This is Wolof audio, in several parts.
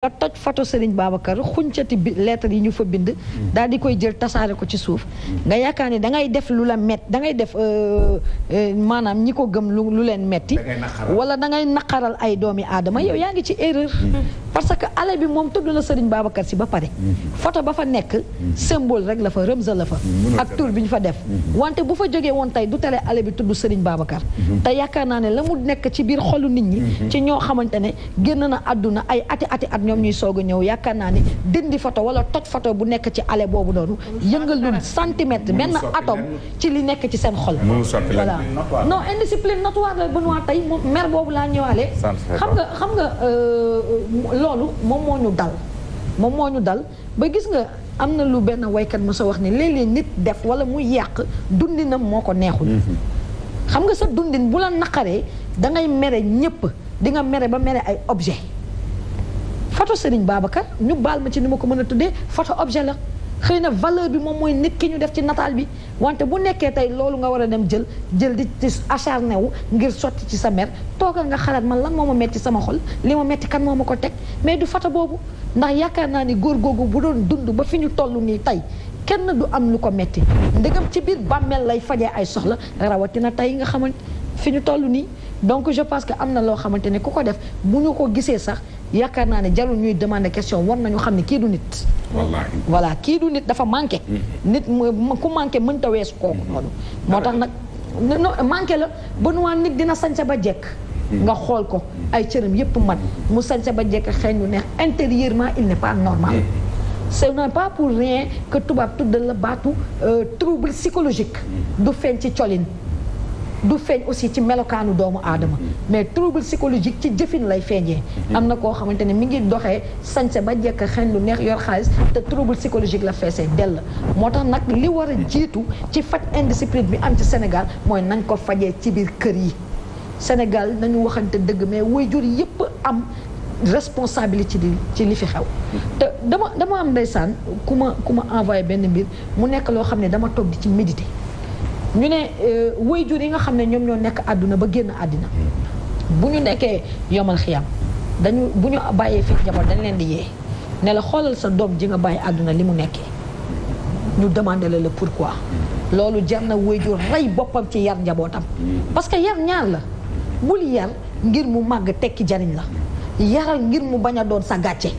nga toj photo Serigne Babacar xuncati bi lettre yi ñu fa bind daal di koy jël tasaare ko ci suuf nga yaakaar ni da ngay def lu la mett da ngay def euh, euh, maanaam ñi ko gëm lu leen metti wala da ngay naqaral ay doomi aadama yow yaa ngi ci erreur mm-hmm. parce que ale bi moom tudd na Serigne Babacar si ba pare mhm. photo ba fa nekk mhm. symbole rek la fa rëmsa la fa mhm, ak tur bi ñu fa def wante bu fa jógee woon tey du tere ale bi tudd Serigne Babacar te yaakaar naa ne la mu nekk ci biir xolu nit ñi ci ñoo xamante ne génn na àdduna ay ati ati at ñoom ñuy soog a ñëw yaakaar naa ne dindi foto wala toj foto bu nekk ci ale boobu noonu yëngalul centimètre benn atome ci li nekk ci seen xol voilà non indiscipline notoire la Benoît tey laa ñëwaale xam nga loolu moom moo ñu dal moom moo ñu dal ba gis nga am na lu benn waykat mu sa wax ne léeg-léeg nit def wala mu yàq dundinam moo ko neexul mhm. xam nga sa dundin bu la naqaree dangay mere ñépp di nga mere ba mere ay objet photo Serigne Babacar ñu baal ma ci ni ma ko mën a tuddee photo objet la xëy na valeur bi moom mooy nit ki ñu def ci nataal bi wante bu nekkee tey loolu nga war a dem jël jël di ci acharné wu ngir sotti ci sa mer toogal nga xalaat man lan moo ma metti sama xol li ma metti kan moo ma ko teg mais du fata boobu ndax yaakaar naa ni góor googu bu doon dund ba fi ñu toll nii tey kenn du am lu ko metti ndegam ci biir bàmmeel lay fajee ay soxla rawatina tey nga xamante fi ñu toll nii donc je pense que am na loo xamante ne ku ko def bu ñu ko gisee sax yaakaar naa ne jarul ñuy demande question war nañu xam ne kii du nit. wallaahi voilà kii du nit dafa manqué. Mm-hmm. nit mu ku manqué mënta weesu kooku mm-hmm. noonu. moo tax nag non manqué la ba nuwaa nit dina sañse ba jekk. Mm-hmm. nga xool ko ay cëram yépp man mu sañse ba jekk xeeñ lu neex intérieurement il n'est pas normal. ce n'est pas pour rien que tubaab tudd la baatu euh, trouble psychologique. du feeñ ci colin. du feeñ aussi ci melokaanu doomu aadama mais trouble psychologique ci jëfin lay feeñee am na koo xamante ne mi ngi doxee sañse ba jekk xen lu neex yor xaalis te trouble psychologique la feesee dell moo tax nag li war a jiitu ci faj indiscipline bi am ci Sénégal mooy nañ ko fajee ci biir kër yi Sénégal nañu waxante dëgg mais jur yépp am responsabilité di ci li fi xew te dama dama am ndeysaan ku ma ku ma envoyé benn mbir mu nekk loo xam ne dama toog di ci méditer ñu ne euh, jur yi nga xam ne ñoom ñoo nekk àdduna ba génn àddina bu ñu nekkee yomal xiyam dañu bu ñu bàyyee fii njaboot dañ leen di yee ne la xoolal sa doom ji nga bàyyi àdduna li mu nekkee ñu demandé la le pourquoi loolu jar na waajur rey boppam ci yar njabootam parce que yar ñaar la bul yar ngir mu màgg tekki jariñ la yaral ngir mu bañ a doon sa gàcce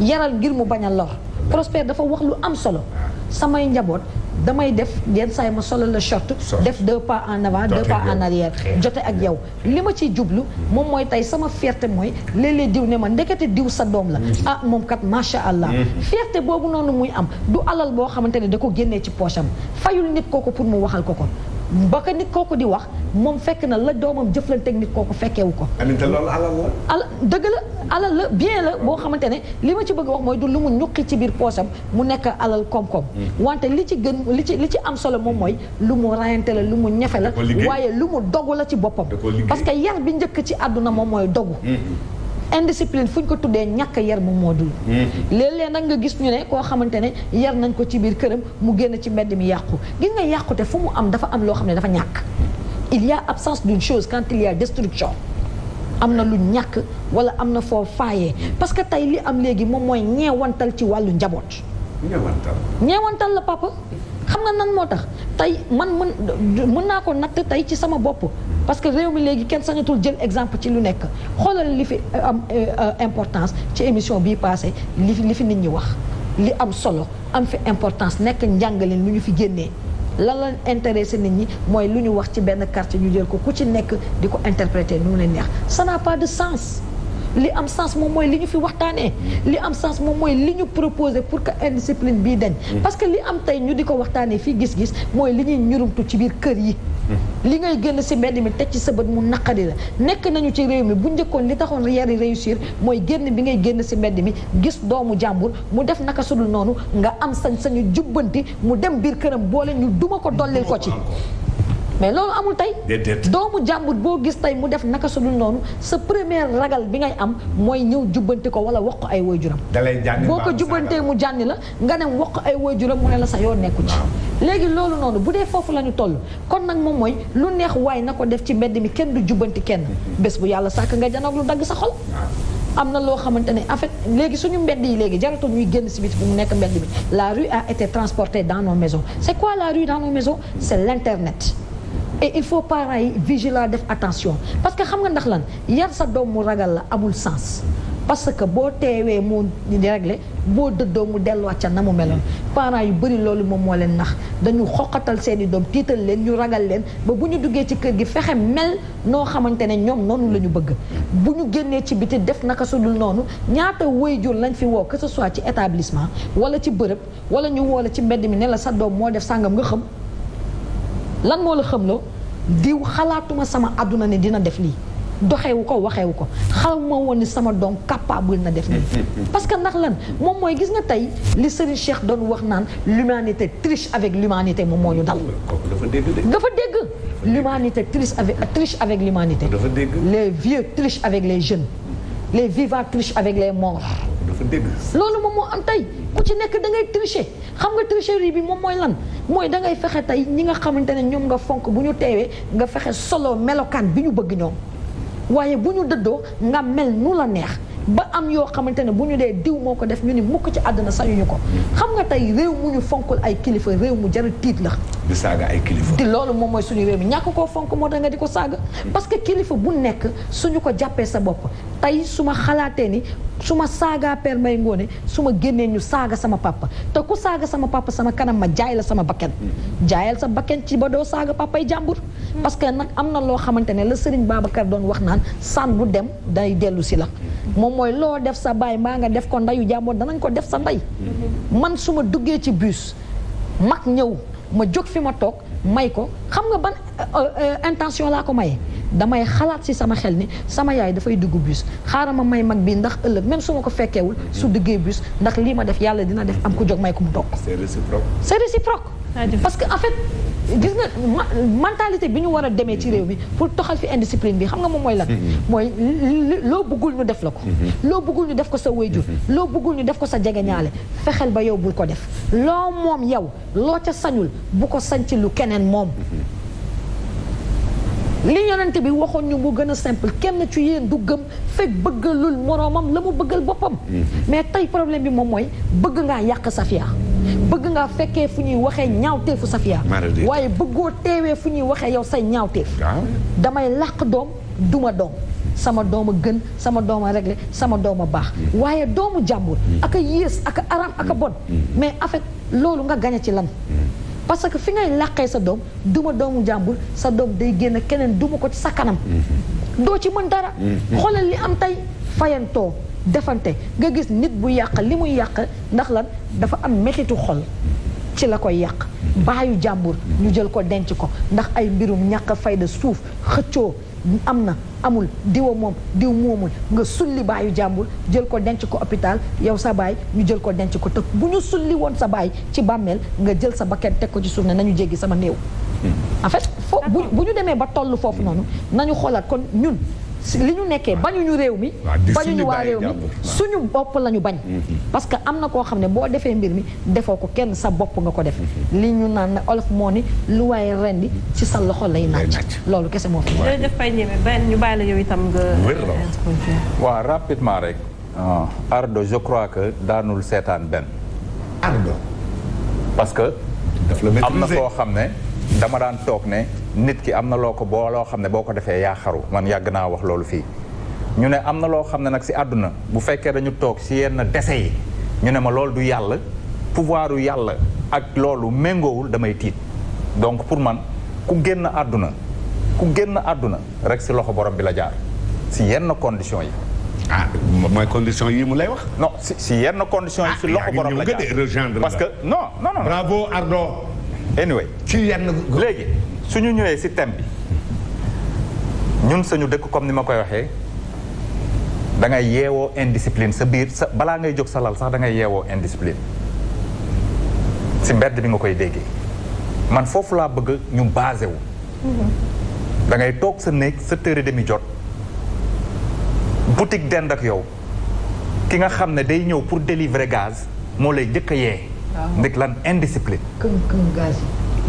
yaral ngir mu bañ a lor Prospère dafa wax lu am solo samay njaboot damay def yenn saa yi ma solo la short def deux pas en avant deux pas en arrière jote ak yow li ma ciy jublu moom mooy tey sama fierté mooy léeg diw ne ma ndekete diw sa doom la mm-hmm. ah moom kat macha allah mm-hmm. fierté boobu noonu muy am du alal boo xamante ne da ko génnee ci poche am fayul nit kooku pour mu waxal ko ko ba ko nit kooku di wax moom fekk na la doomam jëflanteeg nit kooku fekkewu ko. amiin loolu alal la. ala dëgg la alal la bien la boo xamante ne li ma ci bëgg wax mooy du lu mu ñuqi ci biir poosam mu nekk alal koom-koom. Hmm. wante li ci gën li ci li ci am solo moom mooy lu mu rayante la lu mu ñefe la. waaye lu mu dogu la ci boppam. parce que yar bi njëkk ci àdduna moom mooy dogu. Hmm. indiscipline fu ñu ko tuddee ñàkk yar moom moo dul mhm. léeg-léeg nag nga gis ñu ne koo xamante ne yar nañ ko ci biir këram mu génn ci mbedd mi yàqu gis nga yàqute fu mu am dafa am loo xam ne dafa ñàkk il y a absence d'une chose quand il y destruction am na lu ñàkk wala am na foo faayee parce que tey li am léegi moom mooy ñeewantal ci wàllu njaboot ñeewantal ñeewantal la papa xam nga nan moo tax tey man mën mën naa ko natt tey ci sama bopp parce que réew mi léegi kenn sañatul jël exemple ci lu nekk xoolal li fi euh, am euh, importance ci émission bii passé li fi li fi nit ñi wax li am solo am fi importance nekk njàngaleen lu ñu fi génnee lan la intéressé nit ñi mooy lu ñu wax ci benn quartier ñu jël ko ku ci nekk di ko interpréter nu mu leen neex ça pas de sens li am sance moom mooy li ñu fi waxtaanee. li am sance moom mooy li ñu proposé pour que indiscipline bii dañ. Mm. parce que li am tey ñu di ko waxtaanee fii gis-gis mooy li ñuy ñurumtu ci biir kër yi. Mm. li ngay génn si mbedd mi teg ci sa bët mu naqadi la nekk nañu ci réew mi bu njëkkoon li taxoon yari réussir mooy génn bi ngay génn si mbedd mi gis doomu jàmbur mu def naka sudul noonu nga am sañ-sañu jubbanti mu dem biir këram boole ñu duma ko dollil ko ci. mais loolu amul tey. doomu jàmbut boo gis tey mu def naka su dul noonu sa première ragal bi ngay am mooy ñëw jubbanti ko wala wax ko ay waajuram. boo ko jubbantee mu jànni la nga ne wax ay way waajuram mu ne la sa yoo nekku ci. léegi loolu noonu bu dee foofu la ñu toll kon nag moom mooy lu neex waaye na ko def ci mbedd mi kenn du jubbanti kenn bés bu yàlla sàkk nga janoog lu dagg sa xol. am na loo xamante ne en fait léegi suñu mbedd yi léegi jaratul ñuy génn si biti bu mu nekk mbedd mi la rue a été transportée dans nos maisons c'est quoi la rue dans nos maisons c'est l'internet il faut parent yi vigilant def attention parce que xam nga ndax lan yar sa doom mu ragal la amul sens parce que boo teewee di réglé boo dëddoo mu delluwaat ca na mu meloon parent yu bëri loolu moom moo leen nax dañu xoqatal seeni doom tiital leen ñu ragal leen ba bu ñu duggee ci kër gi fexe mel noo xamante ne ñoom noonu la ñu bëgg bu ñu génnee ci biti def naka su dul noonu ñaata jur lañ fi woo que ce soit ci établissement wala ci bërëb wala ñu woo la ci mbedd mi ne la sa doom moo def sàngam nga xam lan moo la xam la diw xalaatuma sama àdduna ni dina def lii doxewu ko waxewu ko xaw ma woon ni sama doom capable na def nii parce que nag lan moom mooy gis nga tey li Serigne Cheikh doon wax naan l'humanité triche avec l'humanité moom moo ñu dal dafa dégg l'humanité triche avec triche avec l'humanité les vieux trichent avec les jeunes les vivants avec les morts dafa dégg. loolu moom moo am tey ku ci nekk da ngay tricher xam nga tricherie bi moom mooy lan mooy da ngay fexe tey ñi nga xamante ne ñoom nga fonk bu ñu teewee nga fexe solo melokaan bi ñu bëgg ñoom waaye bu ñu dëddoo nga mel nu la neex. ba am yoo xamante ne bu ñu dee diw moo ko def ñu ni mukk ci àdduna sañuñu ko xam nga tey réew mu ñu fonkul ay kilifa réew mu jaral tiit la di saaga ay kilifa di loolu moom mooy suñu réew mi ñàkk koo fonk moo tax nga di ko saaga parce que kilifa bu nekk suñu ko jàppee sa bopp tey su ma xalaatee ni su ma saagaa Père Mbaye Ngoné su ma génnee ñu saaga sama papa te ku saaga sama papa sama kanam ma jaay la sama bakken jaayal sa bakken ci ba doo saaga papay jàmbur parce que nag am na loo xamante ne la Serigne Babacar doon wax naan saan bu dem day dellu si la moom mooy loo def sa baay maa nga def ko ndeyu jàmbur danañ ko def sa ndey man su ma duggee ci bus mag ñëw ma jóg fi ma toog may ko xam nga ban euh, euh, intention laa ko maye damay xalaat si sama xel ni sama yaay dafay dugg bus xaaral ma may mag bi ndax ëllëg même su ma ko fekkewul su duggee bus ndax lii ma def yàlla dina def am ku jóg may ko mu toog c'est réciproque parce que en gis nga mentalité bi ñu war a demee ci réew mi pour toxal fi indiscipline bi xam nga moom mooy lan mm-hmm. mooy loo bëggul ñu def la ko mm-hmm. loo bëggul ñu def ko sa wayjur mm-hmm. loo bëggul ñu def ko sa jegeñaale fexeel ba yow bul ko def loo moom yow loo ca sañul bu ko sañ ci lu keneen moom li yonent bi waxoon ñu mu gën a simple kenn ci yéen du gëm fekk bëggalul moroomam la mu bëggal boppam mais tey problème bi moom mooy bëgg ngaa yàq safia bëgg nga fekkee fu ñuy waxee ñaawteefu Safia waaye bëggoo teewee fu ñuy waxee yow say ñaawteef damay làq doom duma doom sama dooma gën sama dooma réglé sama dooma baax mm. waaye doomu jàmbur mm. ak yées ak a araam ak bon mm. mais en loolu nga gañe ci lan parce que fi ngay làqee sa doom duma doomu jàmbur sa doom day génn keneen duma ko ci sa kanam mm-hmm. doo ci mën dara mm-hmm. xoolal li am tey fayantoo defante nga gis nit bu yàq li muy yàq ndax lan dafa am métitu xol ci la koy yàq baayu jàmbur ñu jël ko denc ko ndax ay mbirum ñàkk fayda suuf xëccoo am na amul diwa moom diw moomul nga sulli baayu jàmbur jël ko denc ko hôpital yow sa baay ñu jël ko denc ko te bu ñu sulli woon sa baay ci bàmmeel nga jël sa bakket teg ko ci suuf ne nañu jéggi sama néew hmm. en fait bu ñu demee ba toll foofu noonu nañu xoolaat kon ñun li ñu nekkee bañuñu réew mi bañuñu waa réew mi suñu bopp la ñu bañ mm-hmm. parce que am na koo xam ne boo defee mbir mi defoo ko kenn sa bopp nga ko def mm-hmm. li ñu naan ne olof moo ni lu waaye rendi ci sa loxo lay naaj loolu kese moo fi def fay ñeme ñu bàyyi la yow itam nga waaw rapidement rek ah, Ardo je crois que daanul seetaan benn Ardo parce que am na koo xam ne dama daan toog ne nit ki am na loo ko boo loo xam ne boo ko defee yaa xaru man yàgg naa wax loolu fii ñu ne am na loo xam ne nag si àdduna bu fekkee dañu toog si yenn dese yi ñu ne ma loolu du yàlla pouvoiru yàlla ak loolu méngoowul damay tiit donc pour man ku génn àdduna ku génn àdduna rek si loxo borom bi la jaar si yenn condition yi ah mooy condition yi mu lay wax non si yenn condition yi ah, si loxo borom la jaar parce que non non non bravo Ardo anyway ci yenn léegi su ñu ñëwee si thème bi ñun suñu dëkk comme ni ma koy waxee da ngay yeewoo indiscipline sa biir sa balaa ngay jóg sa lal sax da ngay yeewoo indiscipline si mbedd bi nga koy déggee man foofu laa bëgg ñu basé wu. Mm-hmm. da ngay toog sa néeg sa tëre demi jot dend ak yow ki nga xam ne day ñëw pour délivrer gaz moo lay jëkk yee. ndeg lan indiscipline.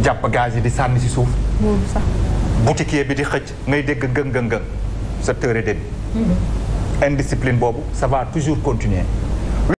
jàpp gaz yi di sànni si suuf. boutiquier bi di xëcc ngay dégg gëng gëng gëng sa heure et demie hmm. indiscipline boobu ça toujours continuer.